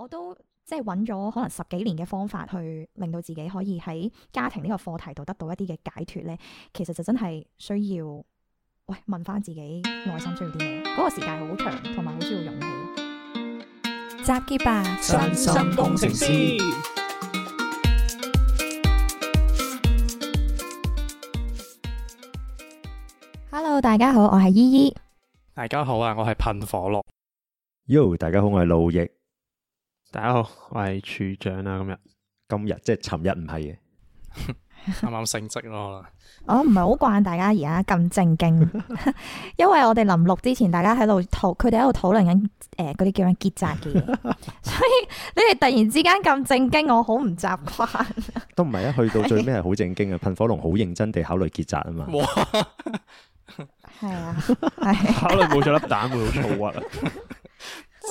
我都即係揾咗可能十幾年嘅方法去令到自己可以喺家庭呢個課題度得到一啲嘅解脱咧，其實就真係需要喂、哎、問翻自己內心需要啲咩，嗰、那個時間好長，同埋好需要勇氣。集結吧，身心工程師。身心工程師 Hello，大家好，我係依依。大家好啊，我係噴火樂。Yo，大家好，我係路易。大家好，我係處長呀。今日今日即係尋日唔係嘅，啱啱升職咯。我唔係好慣大家而家咁正經， 因為我哋臨錄之前，大家喺度討，佢哋喺度討論緊誒嗰啲叫緊結紮嘅嘢，所以你哋突然之間咁正經，我好唔習慣。都唔係，一 去到最尾係好正經嘅，噴火龍好認真地考慮結紮啊嘛。係啊， 考慮冇咗粒蛋會好燥屈啊。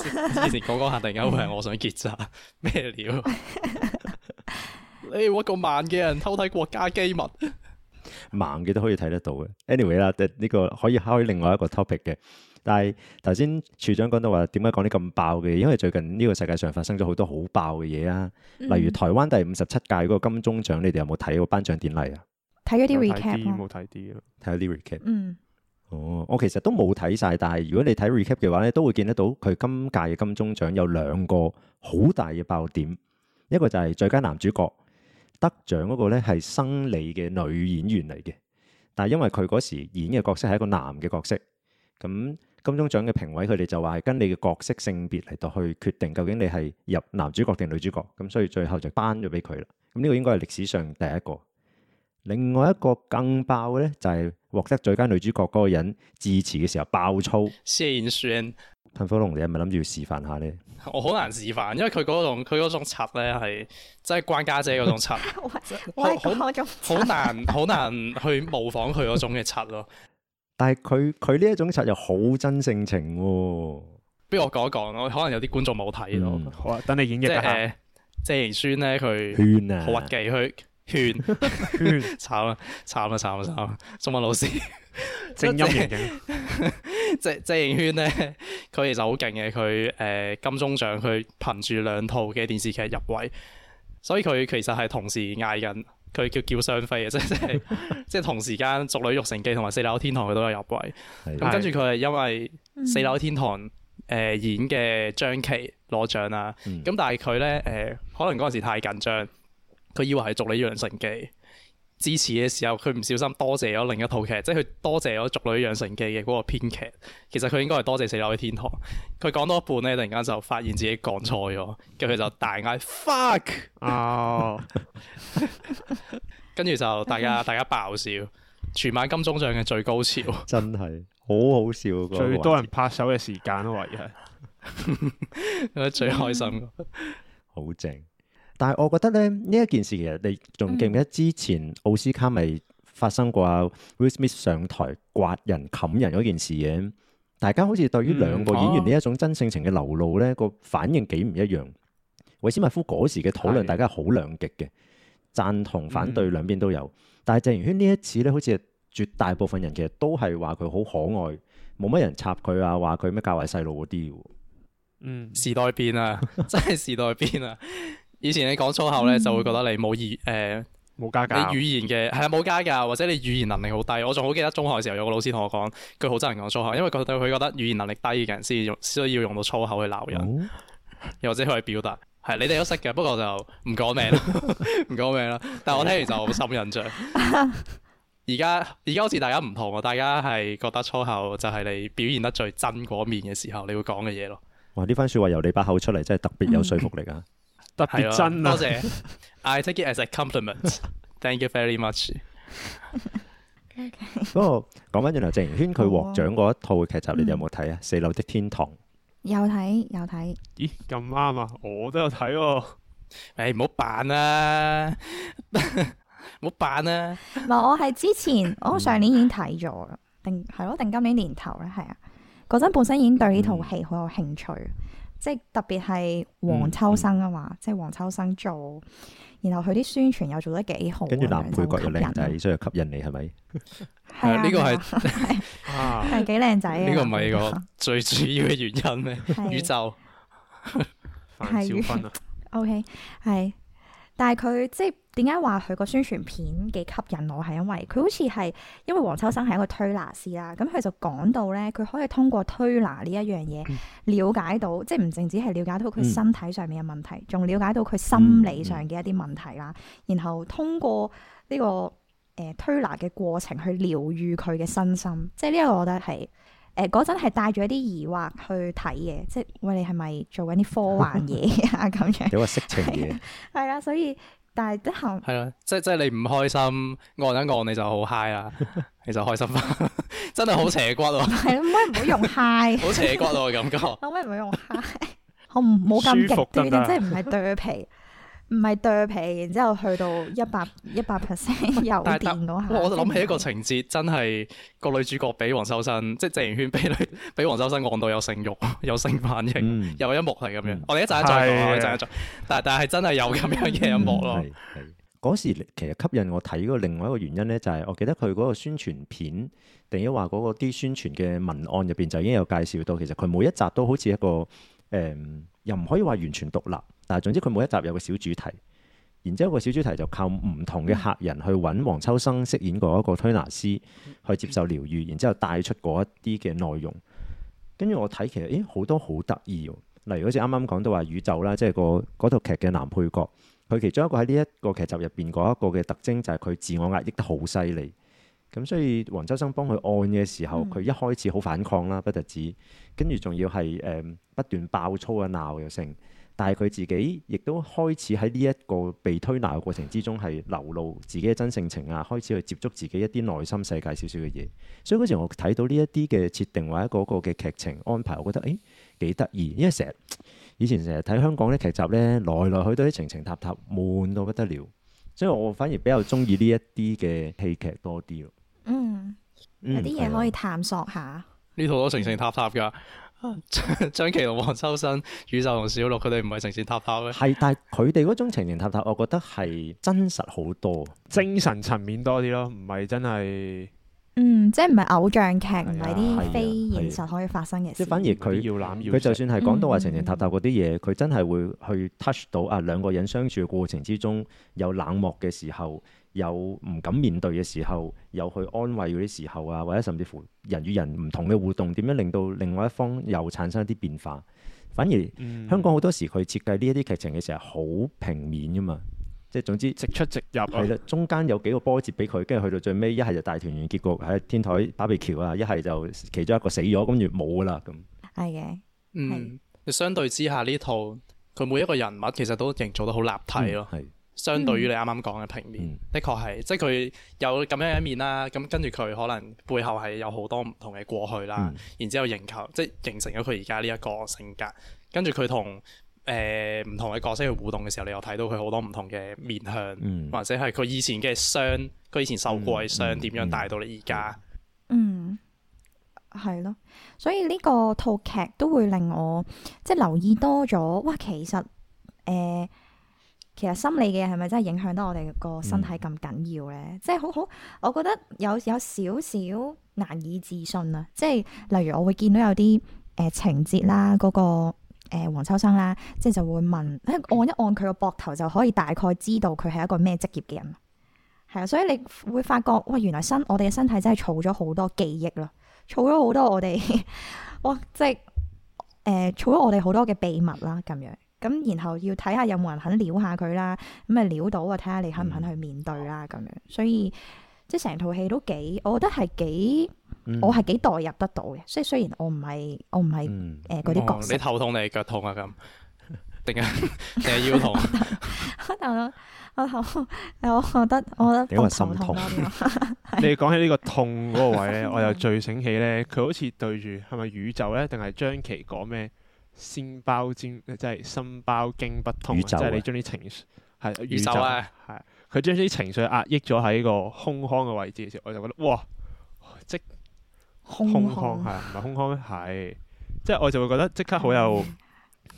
之前講講下突然間會係我想結紮咩料？你、 哎、一個盲嘅人偷睇國家機密， 盲嘅都可以睇得到嘅。Anyway 啦，呢個可以開另外一個 topic 嘅。但係頭先處長講到話，點解講啲咁爆嘅？因為最近呢個世界上發生咗好多好爆嘅嘢啊，嗯、例如台灣第五十七屆嗰個金鐘獎，你哋有冇睇過頒獎典禮啊？睇咗啲 recap 冇睇啲睇咗啲 recap。Re 嗯。哦，我其實都冇睇晒，但係如果你睇 recap 嘅話咧，都會見得到佢今屆嘅金鐘獎有兩個好大嘅爆點，一個就係最佳男主角得獎嗰個咧係生理嘅女演員嚟嘅，但係因為佢嗰時演嘅角色係一個男嘅角色，咁金鐘獎嘅評委佢哋就話係跟你嘅角色性別嚟到去決定究竟你係入男主角定女主角，咁所以最後就頒咗俾佢啦。咁呢個應該係歷史上第一個。另外一個更爆嘅咧，就係、是、獲得最佳女主角嗰個人致辭嘅時候爆粗。謝盈萱，噴火龍，你係咪諗住要示範下咧？我好難示範，因為佢嗰種佢嗰種柒咧係真係關家姐嗰種柒， 我好，我好難好難，難去模仿佢嗰種嘅柒咯。 但係佢佢呢一種柒又好真性情，啊，不如我講一講咯。可能有啲觀眾冇睇咯。好啊，等你演繹。即係謝盈萱咧，佢學技去。圈慘啊慘啊慘啊慘啊！中文老師，正 音嚟型嘅 正，鄭盈軒鄭盈軒咧，佢其實好勁嘅，佢誒、呃、金鐘獎佢憑住兩套嘅電視劇入圍，所以佢其實係同時嗌緊，佢叫叫雙飛嘅，就是、 即係即係同時間《俗女育成記》同埋《四樓天堂》佢都有入圍，咁跟住佢係因為《四樓天堂》誒演嘅張琪攞獎啦，咁、嗯、但係佢咧誒可能嗰陣時太緊張。佢以為係《俗女養成記》支持嘅時候，佢唔小心多謝咗另一套劇，即係佢多謝咗《俗女養成記》嘅嗰個編劇。其實佢應該係多謝《四樓的天堂》。佢講到一半咧，突然間就發現自己講錯咗，跟住佢就大嗌 fuck 啊！跟住就大家大家爆笑，全晚金鐘獎嘅最高潮， 真係好好笑，啊，那個、最多人拍手嘅時間都係，係 最開心， 好正。但係，我覺得咧，呢一件事其實你仲記唔記得之前奧斯卡咪發生過啊？Will Smith、嗯、上台刮人、冚人嗰件事嘅，大家好似對於兩個演員呢一種真性情嘅流露呢個、嗯哦、反應幾唔一樣。韋斯密夫嗰時嘅討論，大家好兩極嘅，是贊同、反對兩邊都有。嗯、但係鄭元軒呢一次呢，好似絕大部分人其實都係話佢好可愛，冇乜人插佢啊，話佢咩教壞細路嗰啲。嗯，時代變啊， 真係時代變啊！以前你講粗口咧，就會覺得你冇二誒冇加價，啊，你語言嘅係冇加價，或者你語言能力好低。我仲好記得中學嘅時候有個老師同我講，佢好憎人講粗口，因為佢佢覺，覺得語言能力低嘅人先用，所以要用到粗口去鬧人，又、嗯、或者佢去表達。係你哋都識嘅，不過就唔講名唔講 名啦。但係我聽完就好深印象。而家而家好似大家唔同啊，大家係覺得粗口就係你表現得最真嗰面嘅時候，你會講嘅嘢咯。哇！呢番話說話由你把口出嚟，真係特別有說服力啊！ 特別真啊、多謝，I take it as a compliment. Thank you very much okay, 哦。嗰個講翻轉頭，鄭元軒佢獲獎嗰一套劇集，哇你有冇睇啊？嗯《四樓的天堂》有睇有睇。咦咁啱啊！我都有睇喎、哦。唔好扮啦，唔好扮 了 啊！嗱，我係之前，我、哦、上年已經睇咗啦，定係咯、哦，定今年年頭咧，係啊。嗰陣本身已經對呢套戲好有興趣。嗯即係特別係黃秋生啊嘛，嗯、即係黃秋生做，然後佢啲宣傳又做得幾好，跟住男配角又靚仔，所以吸引你係咪？係呢、嗯這個係係幾靚仔，呢個唔係個最主要嘅原因咩？ 宇宙範小訓 OK 係。 分但係佢即係點解話佢個宣傳片幾吸引我，係因為佢好似係因為黃秋生係一個推拿師啦，咁佢就講到咧，佢可以通過推拿呢一樣嘢了解到，嗯、即係唔淨止係了解到佢身體上面嘅問題，仲了解到佢心理上嘅一啲問題啦。嗯嗯、然後通過呢、呢個誒、呃、推拿嘅過程去療癒佢嘅身心，即係呢一個我覺得係。誒，嗰陣係帶住一啲疑惑去睇嘅，即係喂，你係咪做緊啲科幻嘢啊咁樣？有個色情嘢。係啊，所以但係啲行。係咯，即係即係你唔開心，按 一按你就好 high 啦，你就開心啦，真係好邪骨喎。係咯，唔可以唔好用 high。 好邪斜骨喎感覺。可唔可以唔好用 high， 我唔冇咁極端，即係唔係對皮。唔係對皮，然之後去到一百一百 percent 油電但是我諗起一個情節，是是真係個女主角俾黃秋生，即係整完圈俾女俾黃秋生按到有性慾，有性反應，嗯、有一幕係咁樣。我哋一陣再講，一陣 但係但係真係有咁樣嘅一幕咯。嗰時、嗯、其實吸引我睇個另外一個原因咧，就係、是、我記得佢嗰個宣傳片，定抑話嗰個啲宣傳嘅文案入邊就已經有介紹到，其實佢每一集都好似一個誒。嗯嗯又唔可以話完全獨立，但係總之佢每一集有個小主題，然之後個小主題就靠唔同嘅客人去揾黃秋生飾演過一個推拿師去接受療愈，然之後帶出嗰一啲嘅內容。跟住我睇其實，咦好多好得意喎，例如好似啱啱講到話宇宙啦，即係個嗰套劇嘅男配角，佢其中一個喺呢一個劇集入邊嗰一個嘅特徵就係佢自我壓抑得好犀利。咁所以黃秋生幫佢按嘅時候，佢、嗯、一開始好反抗啦，不特止，跟住仲要係誒、嗯、不斷爆粗啊鬧又成。但係佢自己亦都開始喺呢一個被推拿嘅過程之中，係流露自己嘅真性情啊，開始去接觸自己一啲內心世界少少嘅嘢。所以嗰時我睇到呢一啲嘅設定或者嗰個嘅劇情安排，我覺得誒幾得意，因為成日以前成日睇香港啲劇集呢，來來去去都係情情塔塔，悶到不得了。所以我反而比較中意呢一啲嘅戲劇多啲。有啲嘢可以探索下。呢套、嗯、 都情情塔塔噶，張琪同黃秋生、宇宙同小六，佢哋唔係情情塔塔咩？係， 但係佢哋嗰種情情塔塔，我覺得係真實好多，精神層面多啲咯，唔係真係。嗯，即係唔係偶像劇，唔係啲非現實可以發生嘅。即反而佢，佢就算係講到話情情塔塔嗰啲嘢，佢、嗯、真係會去 touch 到啊，兩個人相處嘅過程之中有冷漠嘅時候。有唔敢面對嘅時候，有去安慰嗰啲時候啊，或者甚至乎人與人唔同嘅互動，點樣令到另外一方又產生一啲變化？反而、嗯、香港好多時佢設計呢一啲劇情嘅時候，好平面噶嘛，即係總之直出直入係、啊、啦。中間有幾個波折俾佢，跟住去到最尾，一係就大團圓結局喺天台 BBQ 啊，一係就其中一個死咗，咁就冇噶啦咁。係嘅，嗯，嗯，相對之下呢套佢每一個人物其實都做得好立體咯。嗯相對於你啱啱講嘅平面，嗯、的確係，即係佢有咁樣一面啦。咁跟住佢可能背後係有好多唔同嘅過去啦。嗯、然之後形成，即係形成咗佢而家呢一個性格。跟住佢、呃、同誒唔同嘅角色去互動嘅時候，你又睇到佢好多唔同嘅面向，嗯、或者係佢以前嘅傷，佢以前受過嘅傷點樣帶到你而家。嗯，係咯。所以呢個套劇都會令我即係留意多咗。哇，其實誒。呃其實心理嘅嘢係咪真係影響到我哋個身體咁緊要咧？嗯、即係好好，我覺得有有少少難以置信啦。即係例如我會見到有啲誒、呃、情節啦，嗰、那個誒、呃、黃秋生啦，即係就會問，欸、按一按佢個膊頭就可以大概知道佢係一個咩職業嘅人。係啊，所以你會發覺，哇、呃！原來身我哋嘅身體真係儲咗好多記憶咯，儲咗好多我哋哇，即係誒儲咗我哋好多嘅秘密啦，咁樣。咁，然後要睇下有冇人肯撩下佢啦，咁咪撩到啊？睇下你肯唔肯去面對啦，咁樣。所以即係成套戲都幾，我覺得係幾，嗯、我係幾代入得到嘅。雖雖然我唔係，我唔係誒嗰啲角色。哦、你頭痛定係腳痛啊？咁定係定係腰痛？ 我我頭，我覺得我覺得幾心痛。你講起呢個痛嗰個位咧， 我又最醒起咧，佢好似對住係咪宇宙咧，定係張琪講咩？心包尖，即係心包經不通，即係你將啲情緒係、嗯、宇係佢將啲情緒壓抑咗喺個胸腔嘅位置嘅時候，我就覺得哇，即胸腔係唔係胸腔咩？係即係，就是、我就會覺得即刻好有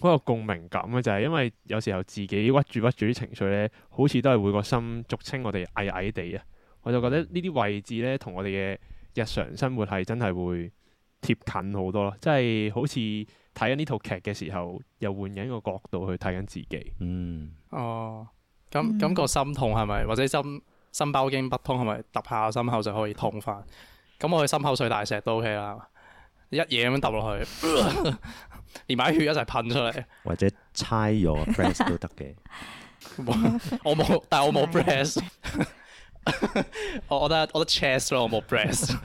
好有共鳴感嘅，就係、是、因為有時候自己屈住屈住啲情緒咧，好似都係會個心俗稱，我哋矮矮地啊。我就覺得呢啲位置咧，同我哋嘅日常生活係真係會貼近多、就是、好多咯，即係好似。睇緊呢套劇嘅時候，又換緊一個角度去睇緊自己。嗯，哦，咁感覺心痛係咪？嗯、或者心心包經不通係咪？揼下心口就可以通返。咁 我去心口碎大石都 OK 啦，一嘢咁樣揼落去， 連埋血一齊噴出嚟。或者猜咗 press 都得嘅，我冇，但係我冇 press。我覺得我覺得 chest 咯，我冇 press。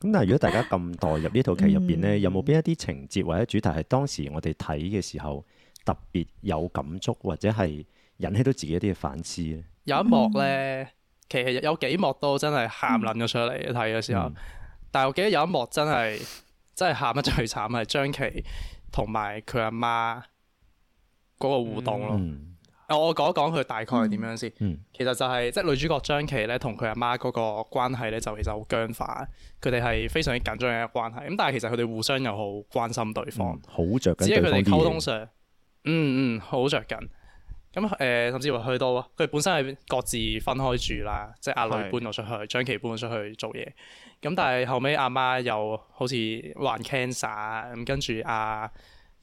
咁但係如果大家咁代入呢套劇入邊咧，嗯、有冇邊一啲情節或者主題係當時我哋睇嘅時候特別有感觸，或者係引起到自己一啲嘅反思咧？嗯、有一幕咧，其實有幾幕都真係喊撚咗出嚟睇嘅時候，嗯、但係我記得有一幕真係真係喊得最慘係張琪同埋佢阿媽嗰個互動咯。嗯嗯我講一講佢大概係點樣先。嗯嗯、其實就係即係女主角張琪咧，同佢阿媽嗰個關係咧，就其實好僵化。佢哋係非常之緊張嘅一個關係。咁但係其實佢哋互相又好關心對方，好着、哦緊，嗯嗯、緊。只係佢哋溝通上，嗯嗯，好着緊。咁誒，甚至話去到佢本身係各自分開住啦，即、就、係、是、阿女搬咗出去，是張琪搬咗出去做嘢。咁但係後尾阿媽又好似患 cancer 咁，跟住阿、啊、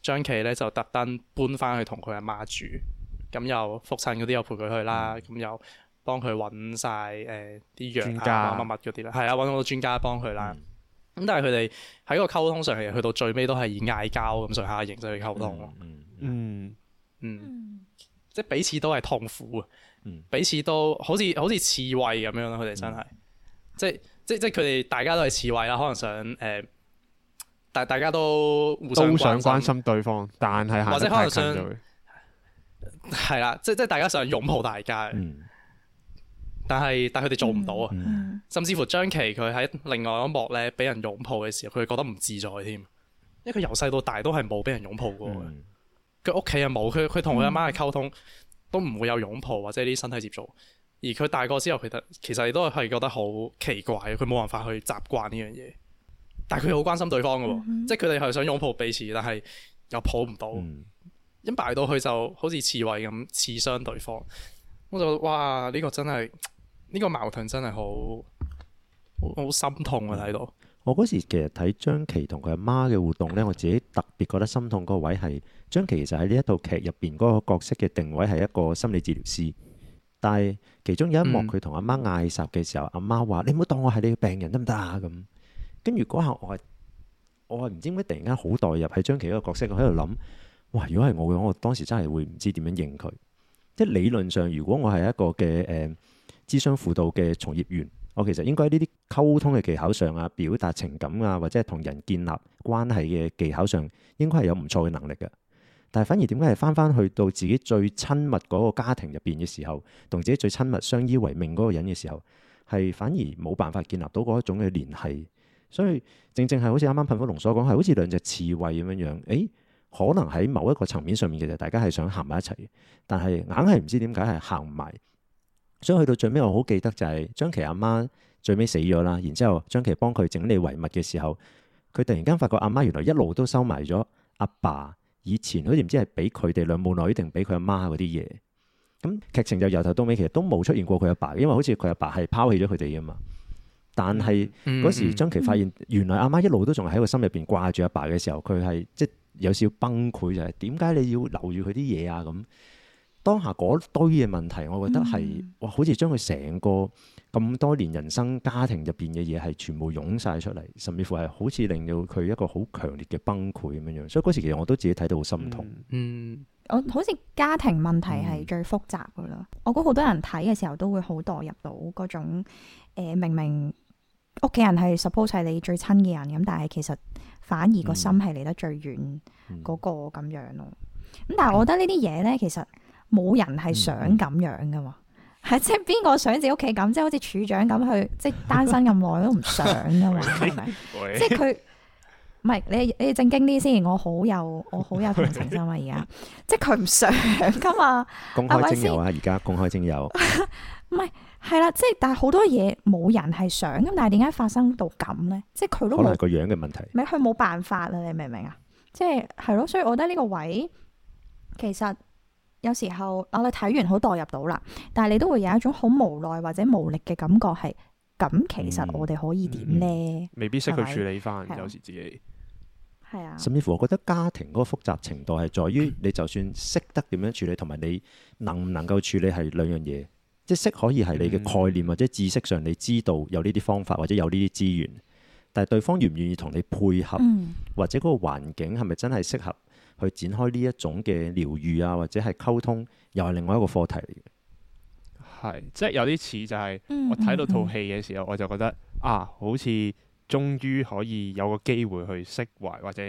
張琪咧就特登搬翻去同佢阿媽住。咁又覆診嗰啲又陪佢去啦，咁、嗯、又幫佢揾晒誒啲藥家物物啊乜乜嗰啲啦，係啊，揾好多專家幫佢啦。咁、嗯、但係佢哋喺個溝通上係去到最尾都係以嗌交咁上下形式去溝通咯。嗯嗯，嗯即係彼此都係痛苦啊。嗯、彼此都好似好似刺猬咁樣啦。佢哋真係、嗯，即係即即係佢哋大家都係刺猬啦。可能想誒、呃，但係大家都互相都想關心對方，但係行得太近就係啦，即係即係，大家想擁抱大家，嗯、但係但係佢哋做唔到啊！嗯、甚至乎張琪佢喺另外一幕咧，俾人擁抱嘅時候，佢覺得唔自在添，因為佢由細到大都係冇俾人擁抱過嘅，佢屋企又冇，佢佢同佢阿媽嘅溝通都唔會有擁抱或者啲身體接觸，而佢大個之後，其實其實都係覺得好奇怪，佢冇辦法去習慣呢樣嘢，但係佢好關心對方嘅，嗯、即係佢哋係想擁抱彼此，但係又抱唔到。嗯一埋到去就好似刺蝟咁刺傷對方，我就哇，呢個真係呢個矛盾真係好好心痛啊！睇到我嗰時其實睇張琪同佢阿媽嘅互動呢，我自己特別覺得心痛嗰個位係張琪，其實喺呢一套劇入邊嗰個角色嘅定位係一個心理治療師，但係其中有一幕佢同阿媽嗌霎嘅時候，阿媽話：你唔好當我係你嘅病人得唔得啊！咁跟住嗰下我係我係唔知點解突然間好代入喺張琪嗰個角色，我喺度諗。哇！如果係我嘅話，我當時真係會唔知點樣應佢。即理論上，如果我係一個嘅誒、欸、諮商輔導嘅從業員，我其實應該喺呢啲溝通嘅技巧上啊、表達情感啊，或者係同人建立關係嘅技巧上，應該係有唔錯嘅能力嘅。但係反而點解係翻翻去到自己最親密嗰個家庭入邊嘅時候，同自己最親密相依為命嗰個人嘅時候，係反而冇辦法建立到嗰一種嘅聯繫。所以正正係好似啱啱噴火龍所講，係好似兩隻刺猬咁樣樣。誒、欸、～可能喺某一個層面上面，其實大家係想行埋一齊，但係硬係唔知點解係行唔埋。所以去到最尾，我好記得就係張琪阿媽最尾死咗啦，然之後張琪幫佢整理遺物嘅時候，佢突然間發覺阿媽原來一路都收埋咗阿爸以前，好似唔知係俾佢哋兩母女定俾佢阿媽嗰啲嘢。咁劇情就由頭到尾其實都冇出現過佢阿爸，因為好似佢阿爸係拋棄咗佢哋啊嘛。但係嗰時張琪發現原來阿媽一路都仲喺個心入邊掛住阿爸嘅時候，佢係即係。有少崩潰就係點解你要留住佢啲嘢啊？咁當下嗰堆嘅問題，我覺得係、嗯、哇，好似將佢成個咁多年人生家庭入邊嘅嘢係全部湧晒出嚟，甚至乎係好似令到佢一個好強烈嘅崩潰咁樣樣。所以嗰時其實我都自己睇到好心痛。嗯，嗯，我好似家庭問題係最複雜噶啦。嗯、我覺得好多人睇嘅時候都會好墮入到嗰種、呃、明明屋企人係 suppose 係你最親嘅人，咁但係其實。反而個心係嚟得最遠嗰個咁樣咯。咁、嗯、但係我覺得呢啲嘢咧，其實冇人係想咁樣噶嘛，係、嗯、即係邊個想自己屋企咁，即係好似處長咁去即係單身咁耐都唔想噶嘛，係咪？即係佢唔係，你你正經啲先。我好有我好有同情心啊！而家即係佢唔想噶嘛，公開徵友啊！而家公開徵友唔係。 係啦，即係但係好多嘢冇人係想咁，但係點解發生到咁呢？即係佢都冇，可能係個樣嘅問題，咪佢冇辦法啦！你明唔明啊？即係係咯，所以我覺得呢個位其實有時候我哋睇完好代入到啦，但係你都會有一種好無奈或者無力嘅感覺，係咁。其實我哋可以點呢、嗯嗯嗯，未必識去處理翻，係咪？係咯，有時自己係啊。啊甚至乎，我覺得家庭嗰個複雜程度係在於你，就算識得點樣處理，同埋你能唔能夠處理係兩樣嘢。即係可以係你嘅概念或者知識上，你知道有呢啲方法或者有呢啲資源，但係對方願唔願意同你配合，或者嗰個環境係咪真係適合去展開呢一種嘅療愈啊，或者係溝通，又係另外一個課題嚟嘅。係，即係有啲似就係我睇到套戲嘅時候，嗯嗯嗯我就覺得啊，好似終於可以有個機會去釋懷，或者。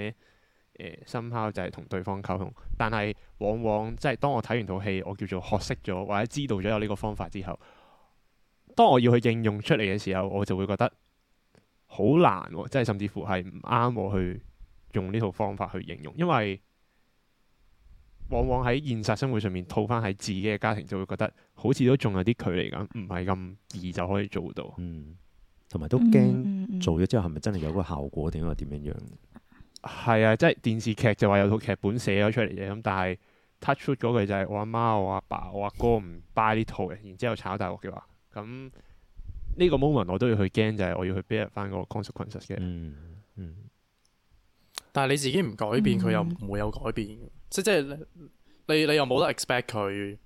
誒，心、呃、就係同對方溝通，但係往往即係當我睇完套戲，我叫做學識咗或者知道咗有呢個方法之後，當我要去應用出嚟嘅時候，我就會覺得好難喎、哦，即係甚至乎係唔啱我去用呢套方法去應用，因為往往喺現實生活上面套翻喺自己嘅家庭，就會覺得好似都仲有啲距離咁，唔係咁易就可以做到。嗯，同埋都驚做咗之後係咪真係有個效果定係點樣樣？嗯嗯。係啊，即係電視劇就話有套劇本寫咗出嚟嘅咁，但係 touch out 嗰句就係我阿媽、我阿爸，爸、我阿哥唔 buy 呢套嘅，然之後炒大鑊嘅話，咁呢個 moment 我都要去驚就係我要去 bear 翻個 consequences 嘅。嗯、但係你自己唔改變，佢、嗯、又唔會有改變， 即即係你你又冇得 expect 佢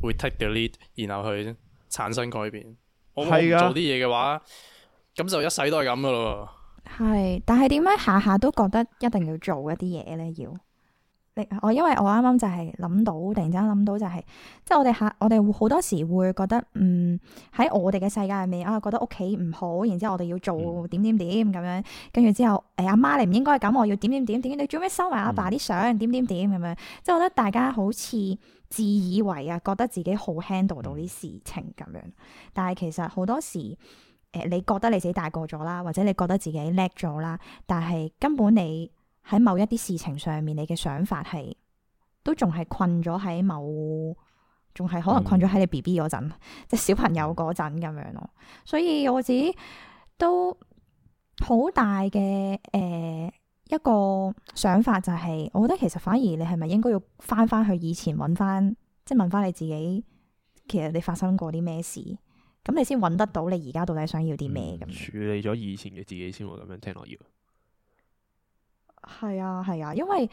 會 take the lead 然後去產生改變。係噶。我唔做啲嘢嘅話，咁的就一世都係咁噶咯。係，但係點解下下都覺得一定要做一啲嘢呢？要你我因為我啱啱就係諗到，突然間諗到就係、是，即係我哋下我哋好多時會覺得，嗯，喺我哋嘅世界入面啊，覺得屋企唔好，然之後我哋要做點點點咁樣，跟住之後，誒、欸，阿媽你唔應該咁，我要點點點點，你做咩收埋阿爸啲相？點點點咁樣，嗯、即係我覺得大家好似自以為啊，覺得自己好 handle 到啲事情咁樣，但係其實好多時。誒、呃，你覺得你自己大個咗啦，或者你覺得自己叻咗啦，但係根本你喺某一啲事情上面，你嘅想法係都仲係困咗喺某，仲係可能困咗喺你 BB 嗰陣，嗯、即係小朋友嗰陣咁樣咯。所以我自己都好大嘅誒、呃、一個想法就係、是，我覺得其實反而你係咪應該要翻翻,去以前，揾翻即係問翻你自己，其實你發生過啲咩事？咁你先揾得到你而家到底想要啲咩咁？處理咗以前嘅自己先，會咁樣聽落要。係啊，係啊，因為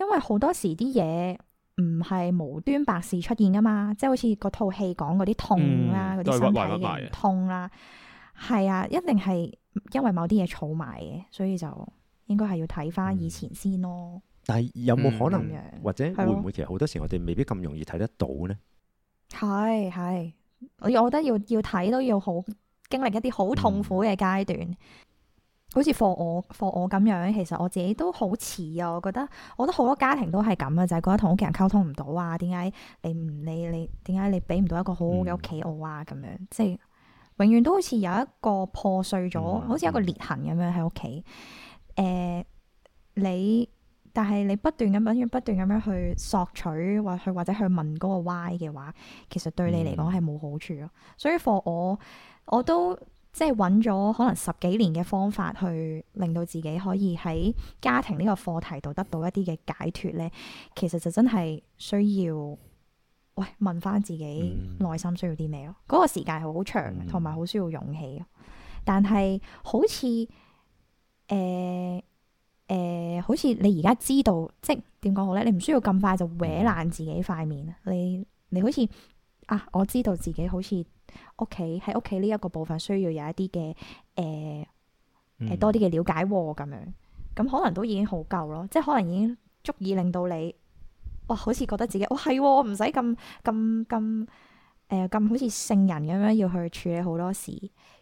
因為好多時啲嘢唔係無端白事出現噶嘛，即係好似嗰套戲講嗰啲痛啦、啊，啲、嗯、身體嘅痛啦、啊，係啊，一定係因為某啲嘢儲埋嘅，所以就應該係要睇翻以前先咯。嗯、但係有冇可能，嗯、或者會唔會其實好多時我哋未必咁容易睇得到呢？係係、啊。我覺得要要睇都要好經歷一啲好痛苦嘅階段，好似放我放我咁樣。其實我自己都好似啊。我覺得，我覺得好多家庭都係咁嘅，就係、是、覺得同屋企人溝通唔到啊。點解你唔理你？點解你俾唔到一個好好嘅屋企我啊？咁樣、嗯、即係永遠都好似有一個破碎咗，嗯、好似一個裂痕咁樣喺屋企。誒、呃，你。但係你不斷咁樣不斷咁樣去索取，或去或者去問嗰個 why 嘅話，其實對你嚟講係冇好處咯。Mm hmm. 所以課我我都即係揾咗可能十幾年嘅方法，去令到自己可以喺家庭呢個課題度得到一啲嘅解脫，呢其實就真係需要，喂，問翻自己內心需要啲咩咯。嗰、mm hmm. 個時間係好長，同埋好需要勇氣。但係好似誒。呃誒、呃，好似你而家知道，即係點講好呢？你唔需要咁快就搲爛自己塊面，嗯，你你好似啊，我知道自己好似屋企喺屋企呢一個部分需要有一啲嘅、誒，多啲嘅了解咁樣，咁、嗯、可能都已經好夠咯，即係可能已經足以令到你，哇，好似覺得自己哦係唔使咁咁咁。哦誒，咁、呃、好似聖人咁樣要去處理好多事，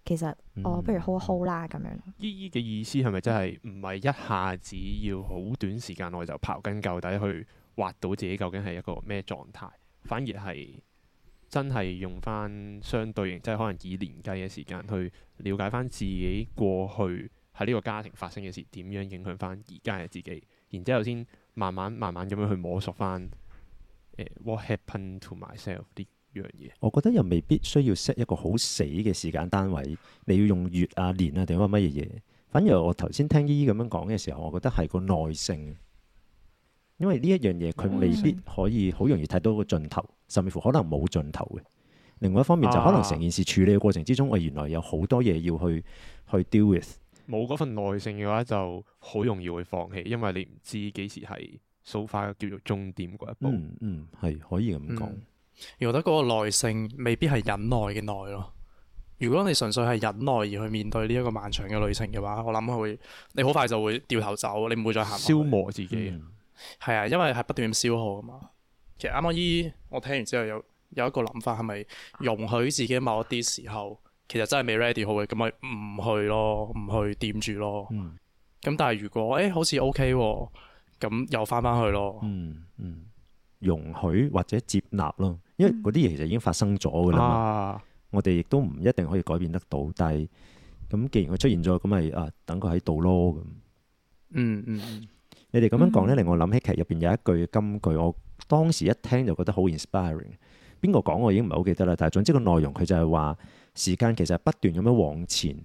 其實我、嗯哦，不如 hold 一 hold 啦，咁樣，姨姨嘅意思係咪真係唔係一下子要好短時間內就刨根究底去挖到自己究竟係一個咩狀態？反而係真係用翻相對應，即係可能以年計嘅時間去了解翻自己過去喺呢個家庭發生嘅事，點樣影響翻而家嘅自己，然之後先慢慢慢慢咁樣去摸索翻、呃、what happened to myself 樣嘢，我覺得又未必需要 set 一個好死嘅時間單位。你要用月啊、年啊定乜乜嘢嘢。反而我頭先聽姨姨咁樣講嘅時候，我覺得係個耐性。因為呢一樣嘢佢未必可以好容易睇到個盡頭，嗯、甚至乎可能冇盡頭嘅。另外一方面就可能成件事處理嘅過程之中，啊、我原來有好多嘢要去去 deal with。冇嗰份耐性嘅話，就好容易會放棄，因為你唔知幾時係 so far 叫做終點嗰一步。嗯嗯，係、嗯、可以咁講、嗯。用得嗰個耐性未必係忍耐嘅耐咯。如果你純粹係忍耐而去面對呢一個漫長嘅旅程嘅話，我諗會你好快就會掉頭走，你唔會再行。消磨自己，係啊、嗯，因為係不斷咁消耗啊嘛。其實啱啱姨，我聽完之後有有一個諗法，係咪容許自己某一啲時候其實真係未 ready 好嘅，咁咪唔去咯，唔去掂住咯。咁、嗯、但係如果誒、欸、好似 OK 咁，又翻翻去咯。嗯嗯。嗯容許或者接納咯，因為嗰啲嘢其實已經發生咗㗎啦。啊、我哋亦都唔一定可以改變得到，但係咁既然佢出現咗，咁咪啊等佢喺度咯。咁嗯嗯，嗯你哋咁樣講咧，令我諗起劇入邊有一句金句，我當時一聽就覺得好 inspiring。邊個講我已經唔係好記得啦，但係總之個內容佢就係話時間其實係不斷咁樣往前，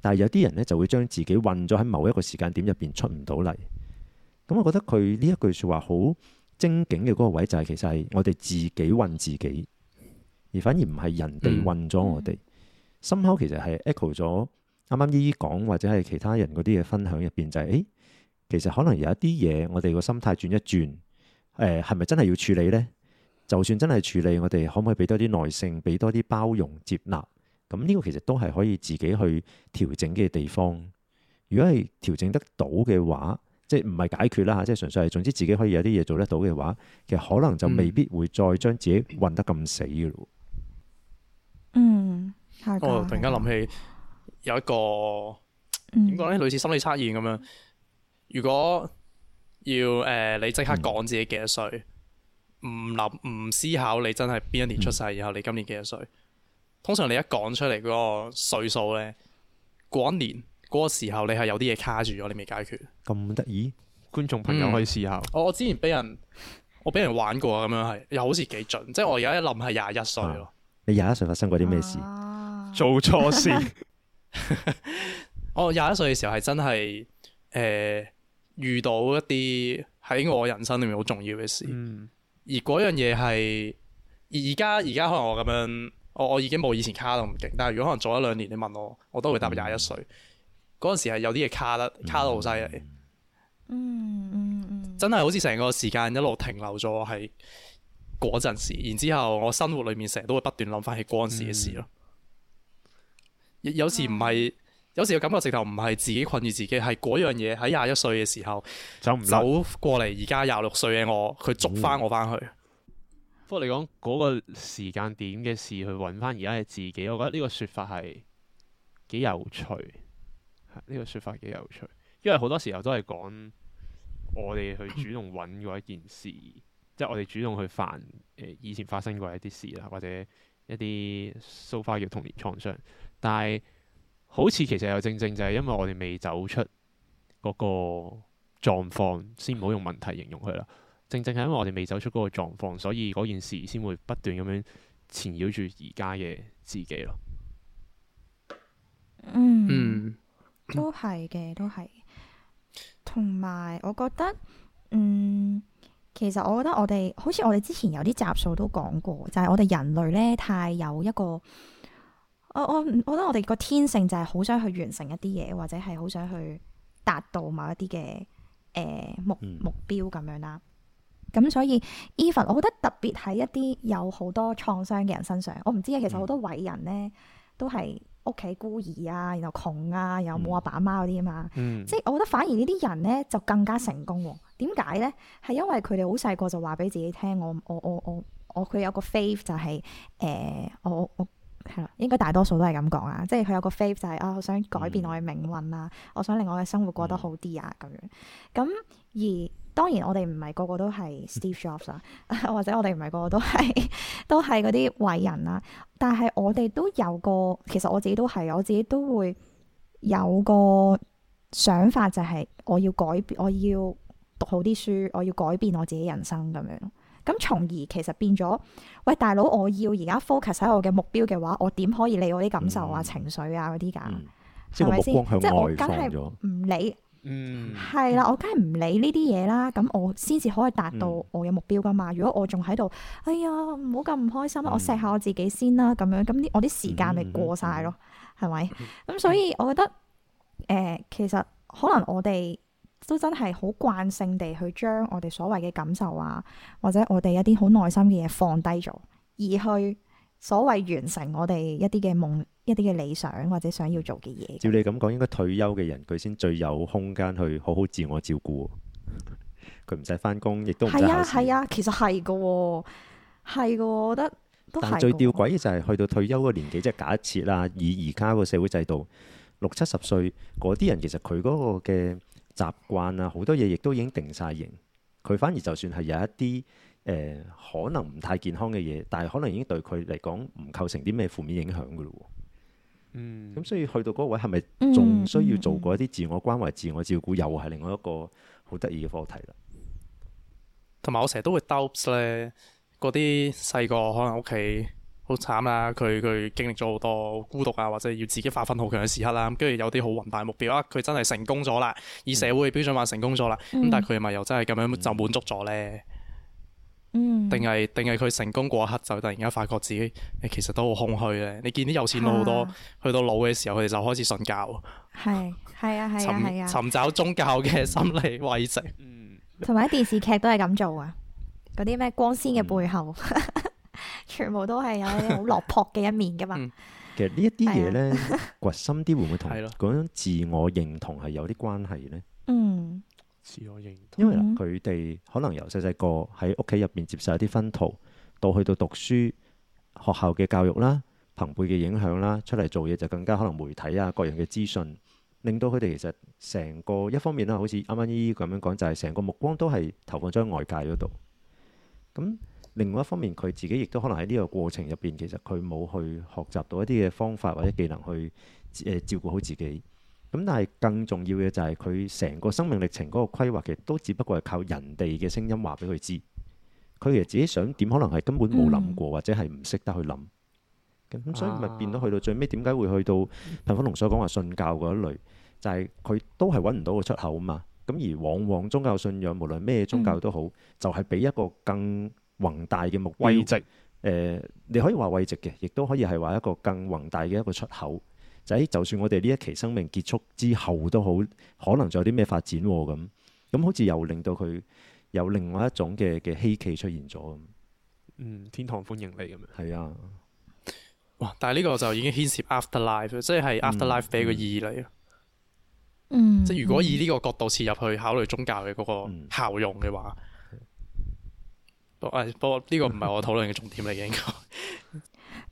但係有啲人咧就會將自己混咗喺某一個時間點入邊出唔到嚟。咁、嗯、我覺得佢呢一句説話好。精境嘅嗰個位就係其實係我哋自己困自己，而反而唔係人哋困咗我哋。嗯嗯、心口其實係 echo 咗啱啱依依講或者係其他人嗰啲嘢分享入邊就係、是，誒、欸、其實可能有一啲嘢我哋個心態轉一轉，誒係咪真係要處理呢？就算真係處理，我哋可唔可以俾多啲耐性，俾多啲包容接納？咁呢個其實都係可以自己去調整嘅地方。如果係調整得到嘅話，即係唔係解決啦，即係純粹係，總之自己可以有啲嘢做得到嘅話，其實可能就未必會再將自己混得咁死咯、嗯。嗯，係。我突然間諗起有一個點講呢，類似心理測驗咁樣。如果要誒、呃、你即刻講自己幾多歲，唔諗唔思考你真係邊一年出世，然後你今年幾多歲？嗯、通常你一講出嚟嗰個歲數呢，過一年。嗰個時候你係有啲嘢卡住咗，你未解決。咁得意，觀眾朋友可以試下。我、嗯、我之前俾人，我俾人玩過咁樣係，又好似幾準。即係我而家一諗係廿一歲咯。你廿一歲發生過啲咩事？啊、做錯事。 我廿一歲嘅時候係真係，誒、呃，遇到一啲喺我人生裏面好重要嘅事。嗯、而嗰樣嘢係而家而家可能我咁樣，我我已經冇以前卡到咁勁。但係如果可能早一兩年，你問我，我都會答廿一歲。嗯嗰時係有啲嘢卡得好犀利、嗯，嗯嗯真係好似成個時間一路停留咗，係嗰陣時，然之後我生活裏面成日都會不斷諗翻起嗰陣時嘅事咯。有、嗯、有時唔係，嗯、有時嘅感覺直頭唔係自己困住自己，係嗰樣嘢喺廿一歲嘅時候走唔走過嚟，而家廿六歲嘅我，佢捉翻我翻去。嗯、不過嚟講，嗰、嗰個時間點嘅事去揾翻而家嘅自己，我覺得呢個說法係幾有趣。呢個說法幾有趣，因為好多時候都係講我哋去主動揾嗰一件事， 即係我哋主動去煩，誒、呃、以前發生過一啲事啦，或者一啲蘇花嘅童年創傷。但係好似其實又正正就係因為我哋未走出嗰個狀況，先唔好用問題形容佢啦。正正係因為我哋未走出嗰個狀況，所以嗰件事先會不斷咁樣纏繞住而家嘅自己咯。嗯。嗯都係嘅，都係。同埋，我覺得，嗯，其實我覺得我哋好似我哋之前有啲集數都講過，就係、是、我哋人類呢，太有一個，我我，我覺得我哋個天性就係好想去完成一啲嘢，或者係好想去達到某一啲嘅誒目目標咁樣啦。咁、嗯、所以，even 我覺得特別喺一啲有好多創傷嘅人身上，我唔知啊。其實好多偉人呢都係。屋企孤兒啊，然後窮啊，然後冇阿爸阿媽嗰啲啊嘛，嗯、即係我覺得反而呢啲人咧就更加成功喎。點解咧？係因為佢哋好細個就話俾自己聽，我我我我、就是呃、我佢有個 faith 就係誒我我係啦，應該大多數都係咁講啊，即係佢有個 faith 就係、是、啊，我想改變我嘅命運啊，嗯、我想令我嘅生活過得好啲啊咁樣。咁、嗯嗯、而當然我哋唔係個個都係 Steve Jobs 啊，嗯、或者我哋唔係個個都係都係嗰啲偉人啦。但係我哋都有個，其實我自己都係，我自己都會有個想法，就係我要改變，我要讀好啲書，我要改變我自己人生咁樣。咁從而其實變咗，喂大佬，我要而家 focus 喺我嘅目標嘅話，我點可以理我啲感受啊、嗯、緒啊、情緒啊嗰啲噶？係咪先？即係我梗係，唔理。嗯，係啦，我梗係唔理呢啲嘢啦，咁我先至可以達到我嘅目標噶嘛。如果我仲喺度，哎呀，唔好咁唔開心，嗯、我錫下我自己先啦，咁樣，咁我啲時間咪過晒咯，係、嗯、咪？咁吧、嗯、所以我覺得，誒、呃，其實可能我哋都真係好慣性地去將我哋所謂嘅感受啊，或者我哋一啲好耐心嘅嘢放低咗，而去。所謂完成我哋一啲嘅夢、一啲嘅理想或者想要做嘅嘢。照你咁講，應該退休嘅人，佢先最有空間去好好自我照顧。佢唔使翻工，亦都唔使。係啊，係啊，其實係㗎喎，係㗎喎，我覺得都係。但最吊詭嘅就係、是、去到退休嘅年紀，即係假設啦，以而家個社會制度，六七十歲嗰啲人，其實佢嗰個嘅習慣啊，好多嘢亦都已經定晒型。佢反而就算係有一啲。誒、呃、可能唔太健康嘅嘢，但係可能已經對佢嚟講唔構成啲咩負面影響嘅咯喎。嗯。咁所以去到嗰位係咪仲需要做過一啲自我關懷、嗯、自我照顧？又係另外一個好得意嘅課題啦。同埋我成日都會 dot 咧，嗰啲細個可能屋企好慘啦，佢佢經歷咗好多孤獨啊，或者要自己發奮好強嘅時刻啦。跟住有啲好宏大目標啊，佢真係成功咗啦，以社會標準話成功咗啦。咁、嗯嗯、但係佢咪又真係咁樣就滿足咗咧？嗯。定係定係佢成功嗰一刻，就突然間發覺自己其實都好空虛咧。你見啲有錢佬好多，去到老嘅時候，佢哋就開始信教。係係啊係啊，尋尋找宗教嘅心理慰藉。嗯，同埋喺電視劇都係咁做啊。嗰啲咩光鮮嘅背後，全部都係有啲好落魄嘅一面噶嘛。其實呢一啲嘢咧，掘深啲會唔會同嗰種自我認同係有啲關係咧？嗯。自我認同，因為佢哋、嗯、可能由細細個喺屋企入邊接受一啲薰陶，到去到讀書學校嘅教育啦、朋輩嘅影響啦，出嚟做嘢就更加可能媒體啊、各樣嘅資訊，令到佢哋其實成個一方面啦，好似啱啱依依咁樣講，就係、是、成個目光都係投放咗外界嗰度。咁另外一方面，佢自己亦都可能喺呢個過程入邊，其實佢冇去學習到一啲嘅方法或者技能去誒、呃、照顧好自己。咁但係更重要嘅就係佢成個生命歷程嗰個規劃，其實都只不過係靠人哋嘅聲音話俾佢知。佢其實自己想點，可能係根本冇諗過，或者係唔識得去諗。咁咁所以咪變到去到最尾，點解會去到彭福龍所講話信教嗰一類？就係佢都係揾唔到個出口啊嘛。咁而往往宗教信仰，無論咩宗教都好，就係俾一個更宏大嘅目標誒，你可以話慰藉嘅，亦都可以係話一個更宏大嘅一個出口。就就算我哋呢一期生命結束之後都好，可能仲有啲咩發展咁，咁好似又令到佢有另外一種嘅嘅希冀出現咗。嗯，天堂歡迎你咁樣。係啊，哇！但係呢個就已經牽涉 afterlife，即係 afterlife 俾嘅意義嚟。嗯。 即係如果以呢個角度切入去考慮宗教嘅嗰個效用嘅話，誒、 哎，不過呢、呢個唔係我討論嘅重點嚟嘅應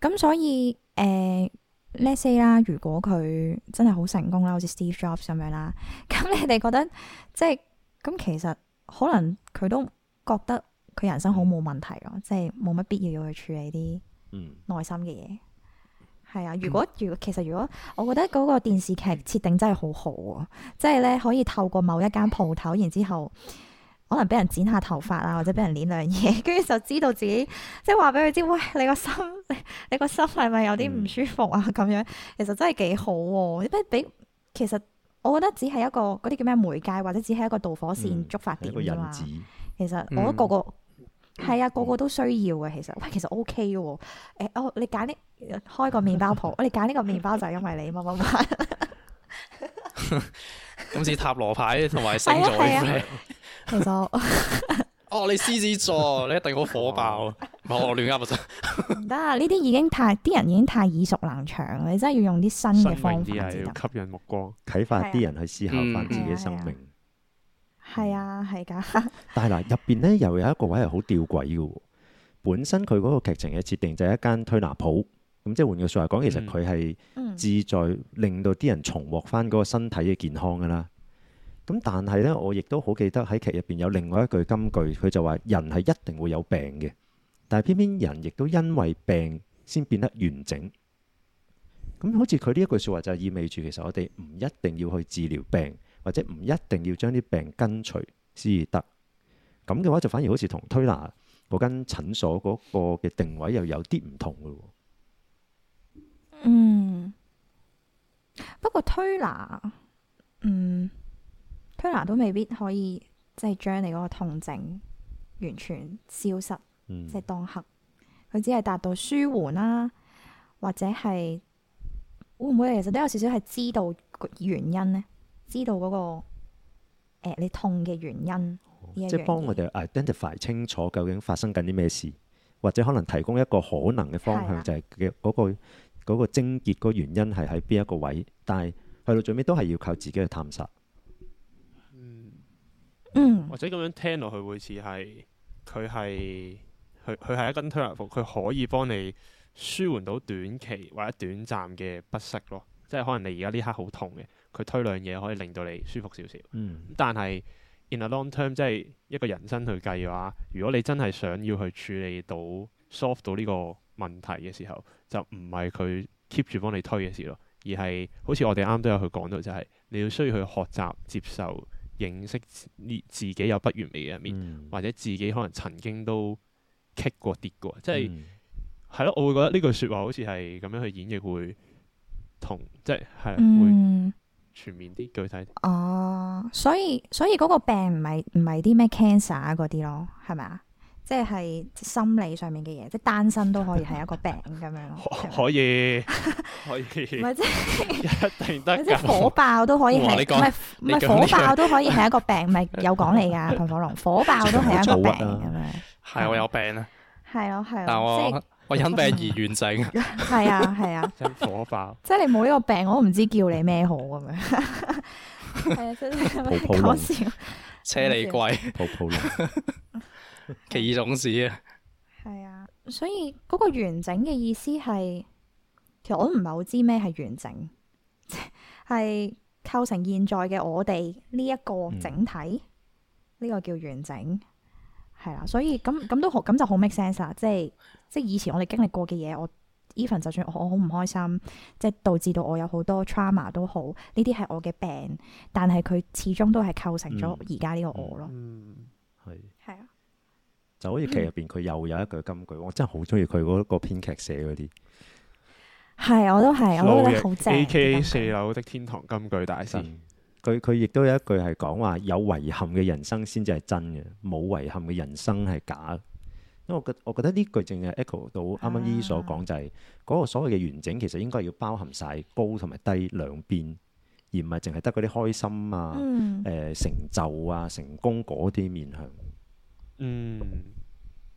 該。咁 所以，誒、呃。Let's say 啦，如果佢真係好成功啦，好似 Steve Jobs 咁樣啦，咁你哋覺得即係咁，其實可能佢都覺得佢人生好冇問題咯，嗯、即係冇乜必要要去處理啲內心嘅嘢。係、嗯、啊，如果如果其實如果我覺得嗰個電視劇設定真係好好啊，即係咧可以透過某一間鋪頭，然之後。可能俾人剪下頭髮啊，或者俾人捏兩嘢，跟住就知道自己，即係話俾佢知，喂，你個心，你個心係咪有啲唔舒服啊？咁樣其實真係幾好喎、啊，俾其實我覺得只係一個嗰啲叫咩媒介，或者只係一個導火線觸發點啫嘛。嗯、其實我覺得個個係、嗯、啊，個個都需要嘅。其實喂，其實 O K 喎。誒、哎、哦，你揀呢開個麵包鋪，我哋揀呢個麵包就係因為你，乜乜乜。 今次塔羅牌同埋星座，星座哦，你獅子座，你一定好火爆，亂噏，唔得。啊，呢啲 已經太啲人已經太耳熟能詳，你真係要用啲新嘅方法吸引目光，啟發啲人去思考翻自己生命。係、嗯、啊，係噶、啊。啊啊、 但係嗱，入邊咧又有一個位係好吊詭嘅，本身佢嗰個劇情嘅設定就係一間推拿鋪。咁即係換句説話講，其實佢係志在令到啲人重獲翻嗰個身體嘅健康㗎啦。咁但係呢，我亦都好記得喺劇入邊有另外一句金句，佢就話：人係一定會有病嘅，但係偏偏人亦都因為病先變得完整。咁、嗯、好似佢呢一句説話就意味住，其實我哋唔一定要去治療病，或者唔一定要將啲病根除先至得。咁嘅話就反而好似同推拿嗰間診所嗰個嘅定位又有啲唔同㗎。嗯，不過推拿，嗯，推拿都未必可以即係將你嗰個痛症完全消失，嗯、即係當刻佢只係達到舒緩啦、啊，或者係會唔會其實都有少少係知道原因呢，知道嗰、嗰個誒、呃、你痛嘅原因，哦、即係幫我哋 identify 清楚究竟發生緊啲咩事，或者可能提供一個可能嘅方向，的就係、嗰個。嗰個症結嗰個原因係喺邊一個位？但係去到最尾都係要靠自己去探索。嗯、或者咁樣聽落去會，會似係佢係佢佢係一根推拿服，佢可以幫你舒緩到短期或者短暫嘅不適咯。即係可能你而家呢刻好痛嘅，佢推兩嘢可以令到你舒服少少。嗯、但係 in a long term，即係一個人生去計嘅話，如果你真係想要去處理到 solve 到呢、這個。問題嘅時候，就唔係佢 keep 住幫你推嘅事咯，而係好似我哋啱都有佢講到，就係、是、你要需要去學習、接受、認識呢自己有不完美嘅一面，嗯、或者自己可能曾經都棘過跌過，即係係咯。我會覺得呢句説話好似係咁樣去演繹，會同即係係會全面啲、嗯、具體啲。哦，所以所以嗰個病唔係唔係啲咩 cancer 嗰啲咯，係咪啊？即係心理上面嘅嘢，即係單身都可以係一個病咁樣咯。可以，可以。唔係即係一定得即係火爆都可以係，唔係唔係火爆都可以係一個病，唔係有講你㗎，噴火龍，火爆都係一個病咁樣。係我有病啊！係啊係啊！但我我因病而完整。係啊係啊。火爆。即係你冇呢個病，我都唔知叫你咩好咁樣。係啊！真係好搞笑。車你貴。奇異種事啊，係 啊，所以嗰個完整嘅意思係，其實我都唔係好知咩係完整，即 係構成現在嘅我哋呢一個整體呢、嗯、個叫完整係啦、啊。所以咁咁都好，咁就好 make sense 啦。即係即係以前我哋經歷過嘅嘢，我 even 就算我我好唔開心，即係導致到我有好多 trauma 都好呢啲係我嘅病，但係佢始終都係構成咗而家呢個我咯、嗯。嗯，係。就好似劇入邊，佢又有一句金句，我真係好中意佢嗰個編劇寫嗰啲，係我都係，我好正。A K 四樓的天堂金句大師，佢佢亦都有一句係講話：有遺憾嘅人生先至係真嘅，冇遺憾嘅人生係假。因為我覺我覺得呢句正係 echo 到啱啱依所講就係嗰個所謂嘅完整，其實應該要包含晒高同埋低兩邊，而唔係淨係得嗰啲開心啊、誒、嗯呃、成就啊、成功嗰啲面向。嗯，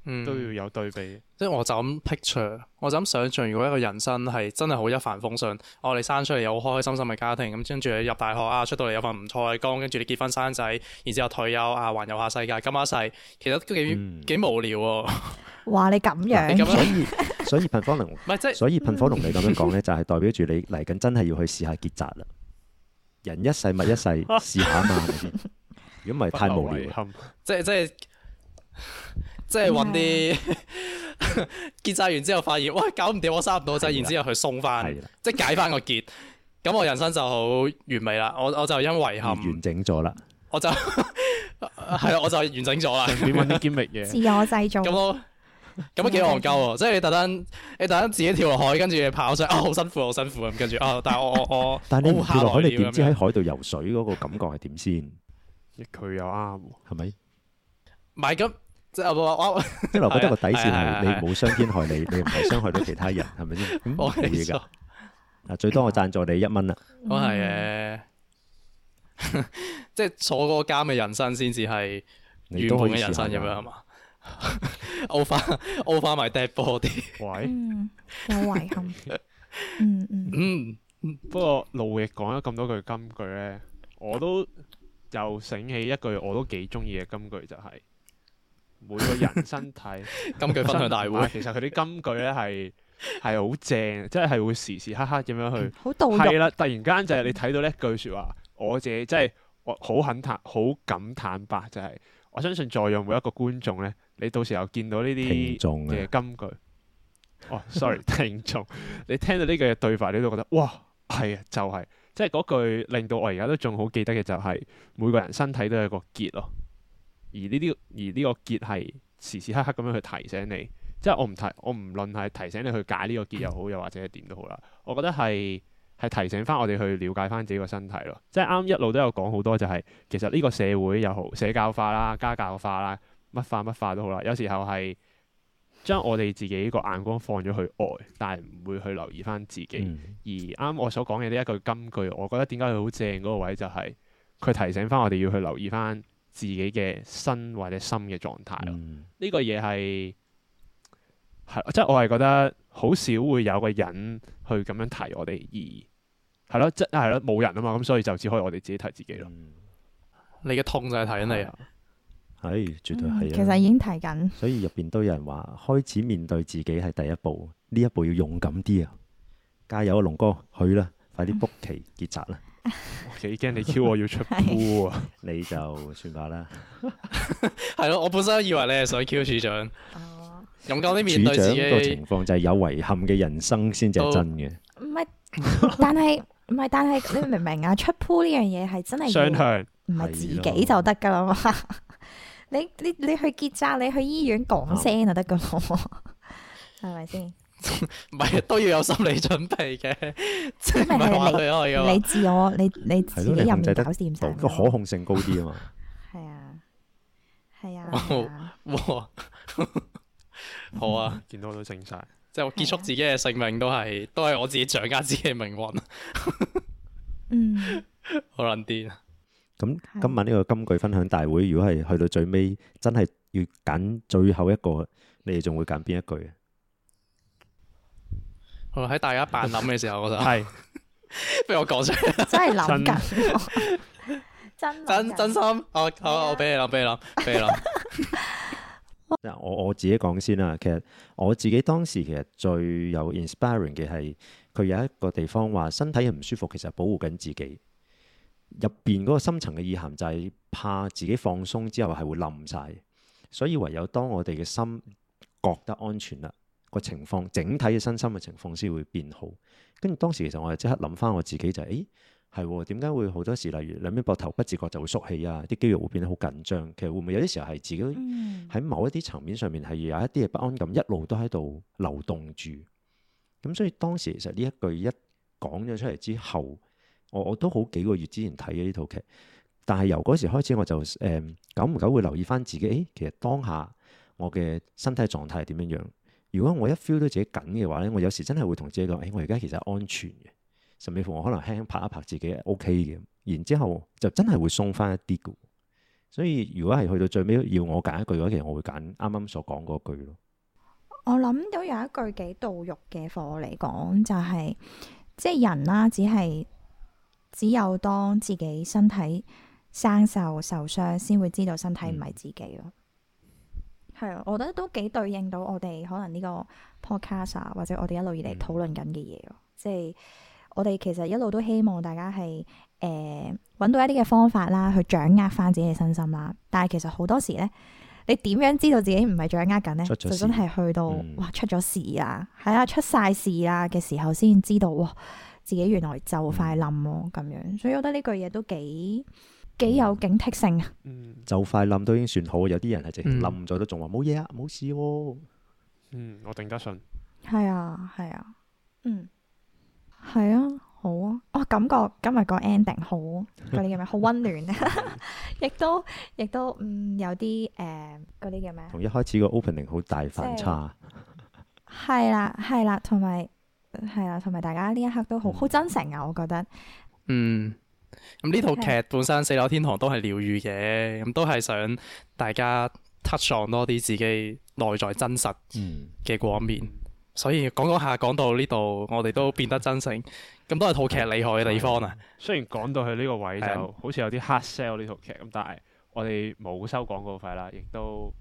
嗯都要有對比，即係我就咁 picture，我就咁想象，如果一個人生係真係好一帆風順，我、哦、哋生出嚟有開開心心嘅家庭，咁跟住你入大學啊，出到嚟有份唔錯嘅工，跟住你結婚生仔，然之後退休啊，環遊下世界，咁一世，其實都幾、嗯、幾無聊啊，話你咁樣， 你這樣所，所以所以噴火龍，唔係即係，所以噴火龍你咁樣講咧，就係、是、代表住你嚟緊真係要去試下結紮啦。人一世物一世，試下啊嘛，如果唔係太無聊即，即係即係。即即即即係搵啲結紮完之後，發現哇搞唔掂，哎、run, 我生唔到仔，然之後去鬆翻，對的 即係解翻個結，咁 我人生就好完美啦。我我就因為遺憾完整咗啦。我就係啦、 嗯，我就完整咗啦。 上搵啲堅力嘢，自我製造咁咯。咁都幾戇鳩喎！ 即係你特登，你特登自己跳落海，跟住跑上，啊好辛苦，好辛苦咁，跟住啊。但係我我我，我 但係你後來你點知喺海度游水嗰個感覺係點先？佢又啱，係咪？買咁。即係我話，即係我覺得個底線係你冇傷天害理，你唔係傷害到其他人，係咪先冇嘢噶？嗱，最多我贊助你一蚊啦，都係嘅。即係坐過監嘅人生，先至係圓滿嘅人生咁樣係嘛？out 翻 out 翻埋 dead body，喂，有遺憾，嗯嗯嗯。不過勞亦講咗咁多句金句咧，我都又醒起一句我都幾中意嘅金句，就係。每個人身體 金句分享大會，其實佢啲金句咧係係好正，即係 會時時刻刻咁樣去。好道。係啦，突然間就係你睇到呢一句說話，我自己即係我好肯坦，好敢坦白就係、是，我相信在場每一個觀眾咧，你到時候見到呢啲嘅金句。哦、oh，sorry，聽眾， 你聽到呢句嘅對白，你都覺得哇，係啊，就係、是，即係嗰句令到我而家都仲好記得嘅就係、是，每個人身體都有個結咯。而呢啲，而呢個結係時時刻刻咁樣去提醒你，即係我唔提，我唔論係提醒你去解呢個結又好，又或者點都好啦。我覺得係係提醒翻我哋去了解翻自己個身體咯。即係啱一路都有講好多、就是，就係其實呢個社會又好，社交化啦、家教化啦，乜化乜化都好啦。有時候係將我哋自己個眼光放咗去外，但係唔會去留意翻自己。嗯、而啱我所講嘅呢一句金句，我覺得點解佢好正嗰個位就係、是、佢提醒翻我哋要去留意翻，自己嘅身或者心嘅狀態咯，呢、嗯、個嘢係係即係我係覺得好少會有個人去咁樣提我哋，而係咯，即係係咯，冇人啊嘛，咁所以就只可以我哋自己提自己咯。嗯、你嘅痛就係睇緊你啊，係絕對係、啊嗯。其實已經提緊，所以入邊都有人話，開始面對自己係第一步，呢一步要勇敢啲啊！加油啊，龍哥，去啦，快啲 book 期結紮啦！嗯我幾驚 你 Q 我要出鋪啊！ 你就算罷啦，係咯，我本身以為你係水 Q 處長， 勇敢啲面對自己個情況，就係有遺憾嘅人生先至係真嘅。唔係，但係唔係，但係你明唔明啊？ 出鋪呢樣嘢係真係唔係自己就得噶啦嘛？上向 你你你去結紮，你去醫院講聲就得噶咯，係咪先？唔係都要有心理準備嘅，即係你你自我，你你自己入面考試唔成，個可控性高啲啊嘛。係啊，係啊，哇，好啊！見到都正晒，即係我結束自己嘅性命都係都係我自己掌握自己嘅命運。嗯，好卵癲。咁今晚呢個金句分享大會，如果係去到最尾，真係要揀最後一個，你哋仲會揀邊一句啊？喺大家扮諗嘅時候， 是 我就係不如我講出 真， 真係諗緊， 真真真心。我我我俾你諗，俾你諗，俾你諗。嗱，我我自己講先啦。其實我自己當時其實最有 inspiring 嘅係，佢有一個地方話身體唔舒服，其實保護緊自己。入邊嗰個深層嘅意涵就係怕自己放鬆之後係會冧晒，所以唯有當我哋嘅心覺得安全啦。個情況，整體嘅身心嘅情況先會變好。跟住當時，其實我係即刻諗翻我自己就係、係喎，誒係點解會好多時？例如兩邊膊頭不自覺就會縮起啊，啲肌肉會變得好緊張。其實會唔會有啲時候係自己喺某一啲層面上面係有一啲嘢不安感，嗯、一路都喺度流動住。咁所以當時其實呢一句一講咗出嚟之後，我我都好幾個月之前睇咗呢套劇，但係由嗰時開始，我就誒、嗯、久唔久會留意翻自己。誒、哎，其實當下我嘅身體狀態係點樣樣？如果我一 feel 到自己緊嘅話咧，我有時真係會同自己講：，誒、哎，我而家其實安全嘅，甚至乎我可能輕輕拍一拍自己，OK 嘅。然之後就真係會鬆翻一啲嘅。所以如果係去到最尾要我揀一句嘅話，其實我會揀啱啱所講嗰句咯。我諗到有一句幾到肉嘅課嚟講，就係即係人啦、啊，只係只有當自己身體生受受傷，先會知道身體唔係自己咯。嗯係啊，我覺得都幾對應到我哋可能呢個 podcast 啊，或者我哋一路以嚟討論緊嘅嘢。即係我哋其實一路都希望大家係誒揾到一啲嘅方法啦，去掌握返自己嘅身心啦。但係其實好多時呢，你點樣知道自己唔係掌握緊呢？就真係去到、嗯、哇出咗事啊、嗯、啊，係啊出晒事啦嘅時候先知道，哇自己原來就快冧咯咁樣。所以我覺得呢句嘢都幾幾有警惕性啊！嗯， 就快冧都已經算好，有啲人係直冧咗都仲話冇嘢啊，冇事喎、啊。嗯，我頂得順。係啊，係啊。嗯，係啊，好啊。我、哦、感覺今日個 ending 好，嗰啲叫咩？好溫暖，啊， 亦都亦都嗯有啲誒，嗰啲叫咩？同一開始個 opening 好大反差。係啦、就是，係啦、啊，同埋係啦，同埋、啊啊啊、大家呢一刻都好、嗯、好真誠啊！我覺得，嗯。咁呢套劇本身四樓天堂都係療癒嘅，咁都係想大家 touch on 多啲自己內在真實嘅廣面，所以講講下講到呢度，我哋都變得真誠，咁都係套劇厲害嘅地方啊。嗯嗯、雖然講到去呢個位就好似有啲 hard sell 呢套劇，咁但係我哋冇收廣告費啦，亦都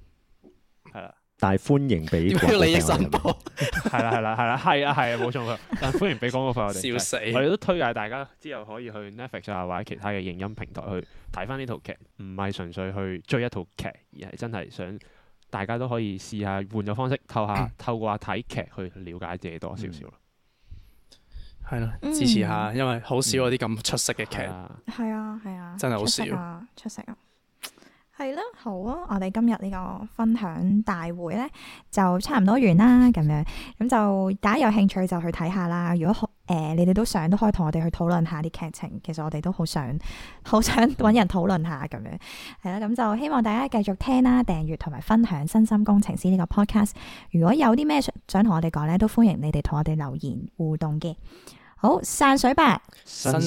係啦。嗯嗯嗯但係歡迎俾利益心波，係啦係啦係啦，係啊係啊，冇錯、啊啊啊、但係歡迎俾廣告費，我哋笑死。我哋都推介大家之後可以去 Netflix 啊，或者其他嘅影音平台去睇翻呢套劇，唔係純粹去追一套劇，而係真係想大家都可以試下換咗方式，透下透過下睇劇去了解自己多少少咯。係咯、嗯啊，支持下，因為好少有啲咁出色嘅劇。係啊係啊，嗯、真係好少出色啊！嗯嗯 係啦，好啊！我哋今日呢個分享大會呢，就差唔多完啦，咁樣，咁就大家有興趣就去睇下啦。如果誒、呃、你哋都想，都可以同我哋去討論下啲劇情。其實我哋都好想好想搵人討論下咁樣。係啦， 咁就希望大家繼續聽啦、訂閱同埋分享《身心工程師》呢、這個 podcast。如果有啲咩想同我哋講呢，都歡迎你哋同我哋留言互動嘅。好，散水吧。身